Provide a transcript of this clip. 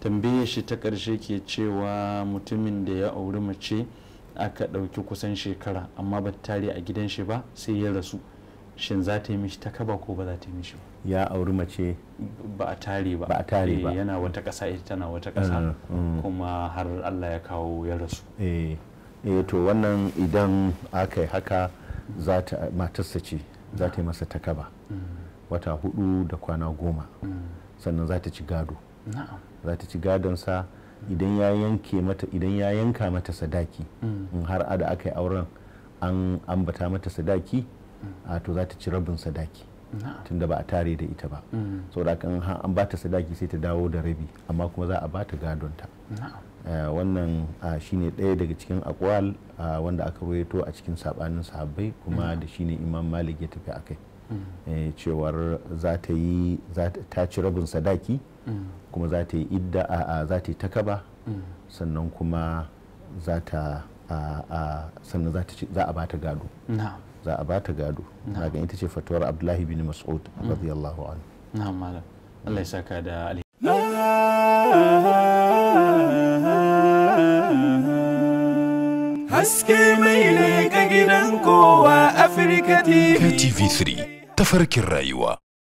tambaye shi ta ƙarshe ke cewa mutumin da ya auri mace aka ɗauki kusan shekara amma ba ta tare a gidan shi ba sai ya rasu shin za ta yi mishi ta kaba ko ba za ta yi mishi ba ya auri mace ba a tare ba a tare ba eh, yana wata ƙasa ita tana wata ƙasa mm, mm. kuma har Allah ya kawo ya rasu eh, eh to wannan idan aka yi haka za ta matarsa ce za ta yi masa takaba mm. wata hudu da kwana goma sannan za ta ci gado za ta ci gadonsa idan ya yanke mata idan ya yanka mata sadaki mm. in har ada aka yi auren an ambata mata sadaki mm. a to za ta ci rabin sadaki tunda ba a tare da ita ba mm. saboda kan an bata sadaki sai ta dawo da rabi amma kuma za a bata gadonta eh, wannan shine ɗaya daga cikin akwal wanda aka royeto a cikin sabanin sahabbai kuma da shine imam malik ya tafi akai eh, cewar za ta yi ta ci rabin sadaki kuma za ta yi idda a za ta yi takaba sannan kuma za ta sannan za a ba ta gado za a ba ta gado na ga ita ce fatuwar abdullahi bin mas'ud mm. radiyallahu anhu na malam Allah ya saka da haske mai ne ga gidan kowa Afirka TV. KTV3 tafarkin rayuwa.